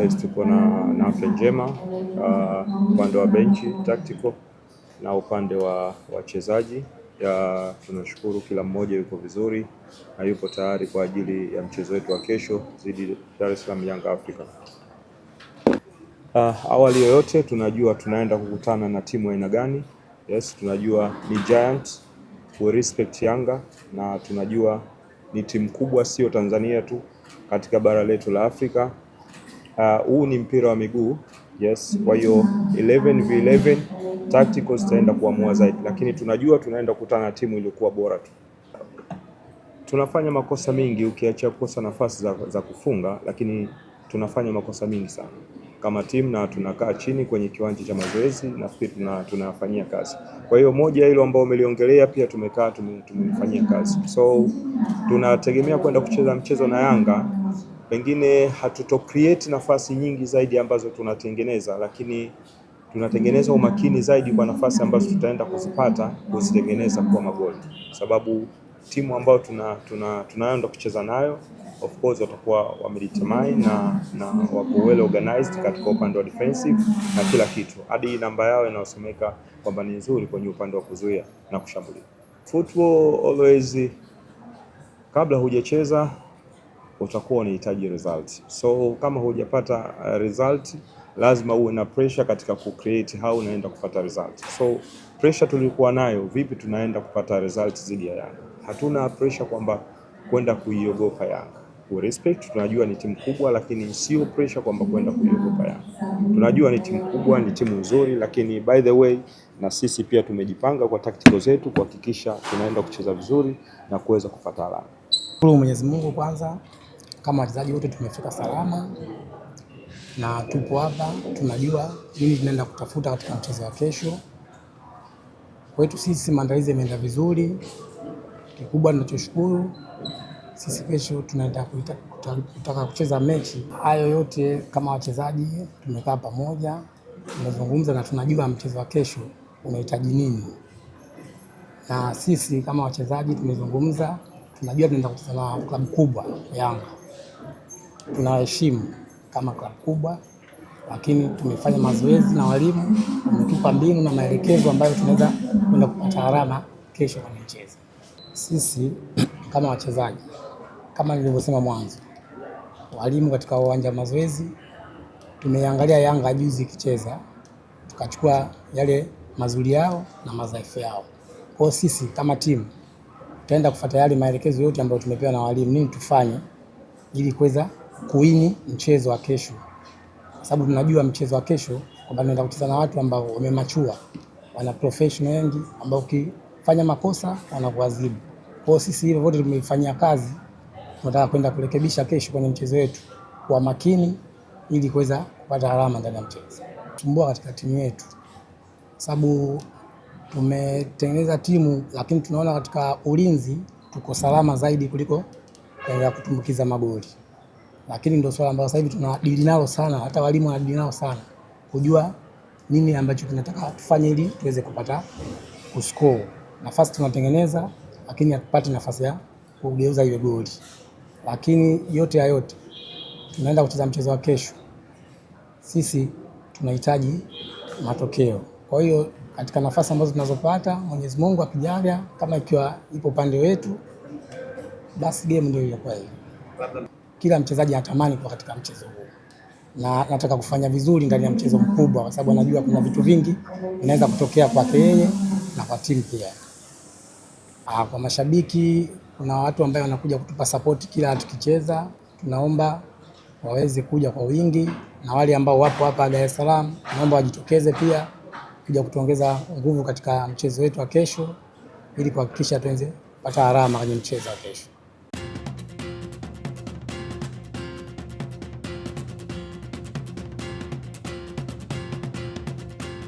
exercise tuko na, na afya njema uh, upande wa benchi tactical na upande wa wachezaji. Tunashukuru kila mmoja yuko vizuri na yupo tayari kwa ajili ya mchezo wetu wa kesho dhidi Dar es Salaam Yanga Africa. Uh, awali yoyote tunajua tunaenda kukutana na timu aina gani. Yes, tunajua ni giant, we respect Yanga na tunajua ni timu kubwa, sio Tanzania tu, katika bara letu la Afrika. Uh, huu uh, ni mpira wa miguu yes. Kwa hiyo 11 v 11 tactical zitaenda kuamua zaidi, lakini tunajua tunaenda kukutana na timu iliyokuwa bora tu. Tunafanya makosa mengi ukiachia kukosa nafasi za, za kufunga, lakini tunafanya makosa mengi sana kama timu na tunakaa chini kwenye kiwanja cha mazoezi nafikiri na tunafanyia kazi. Kwa hiyo moja hilo ambao umeliongelea pia tumekaa tumemfanyia kazi, so tunategemea kwenda kucheza mchezo na Yanga pengine hatuto create nafasi nyingi zaidi ambazo tunatengeneza, lakini tunatengeneza umakini zaidi kwa nafasi ambazo tutaenda kuzipata kuzitengeneza kwa magoli, sababu timu ambayo tunaenda tuna, kucheza nayo of course watakuwa wamedetermine na, na wako well organized katika upande wa defensive na kila kitu, hadi namba yao inayosomeka kwamba ni nzuri kwenye upande wa kuzuia na kushambulia. Football always kabla hujacheza utakuwa unahitaji result. So kama hujapata uh, result, lazima uwe na pressure katika ku create how unaenda kupata result. So pressure tulikuwa nayo, vipi tunaenda kupata result zidi ya Yanga? Hatuna pressure kwamba kwenda kuiogopa Yanga. We respect, tunajua ni timu kubwa, lakini sio pressure kwamba kwenda kuiogopa Yanga. Tunajua ni timu kubwa, ni timu nzuri, lakini by the way na sisi pia tumejipanga kwa tactical zetu kuhakikisha tunaenda kucheza vizuri na kuweza kupata alama. Mwenyezi Mungu kwanza kama wachezaji wote tumefika salama na tupo hapa, tunajua nini tunaenda kutafuta katika mchezo wa kesho. Kwetu sisi maandalizi yameenda vizuri, kikubwa tunachoshukuru sisi kesho tunaenda kutaka kucheza mechi. Hayo yote kama wachezaji tumekaa pamoja, tumezungumza na tunajua mchezo wa kesho unahitaji nini, na sisi kama wachezaji tumezungumza, tunajua tunaenda kucheza na klabu kubwa Yanga tunaheshimu kama klabu kubwa, lakini tumefanya mazoezi na walimu, wametupa mbinu na maelekezo ambayo tunaweza kwenda kupata alama kesho kwenye mchezo. Sisi kama wachezaji, kama nilivyosema mwanzo, walimu katika uwanja wa mazoezi, tumeangalia Yanga juzi ikicheza, tukachukua yale mazuri yao na madhaifu yao. Kwa sisi kama timu tutaenda kufuata yale maelekezo yote ambayo tumepewa na walimu, nini tufanye ili kuweza kuini mchezo wa kesho, kwa sababu tunajua mchezo wa kesho kwamba tunaenda kucheza na watu ambao wamemachua, wana professional wengi ambao ukifanya makosa wanakuadhibu. Kwa hiyo sisi hivyo vyote tumeifanyia kazi, tunataka kwenda kurekebisha kesho kwenye mchezo wetu kwa makini, ili kuweza kupata alama ndani ya mchezo. Tumbua katika timu yetu, sababu tumetengeneza timu lakini tunaona katika ulinzi tuko salama zaidi kuliko kutumbukiza magoli lakini ndio swala ambalo sasa hivi tunadili nalo sana, hata walimu wanadili nalo sana, kujua nini ambacho tunataka tufanye ili tuweze kupata kuscore. Nafasi tunatengeneza, lakini hatupati nafasi ya kugeuza ile goli. Lakini yote ya yote, tunaenda kucheza mchezo wa kesho, sisi tunahitaji matokeo. Kwa hiyo katika nafasi ambazo tunazopata, Mwenyezi Mungu akijalia, kama ikiwa ipo upande wetu, basi game ndio iliyokuwa hiyo kila mchezaji atamani kuwa katika mchezo huu, na nataka kufanya vizuri ndani ya mchezo mkubwa, kwa sababu anajua kuna vitu vingi vinaweza kutokea kwake yeye na kwa timu pia. Ah, kwa mashabiki kuna watu ambao wanakuja kutupa support kila tukicheza, tunaomba waweze kuja kwa wingi, na wale ambao wapo hapa Dar es Salaam naomba wajitokeze pia kuja kutuongeza nguvu katika mchezo wetu wa kesho, ili kuhakikisha tuweze pata alama kwenye mchezo wa kesho.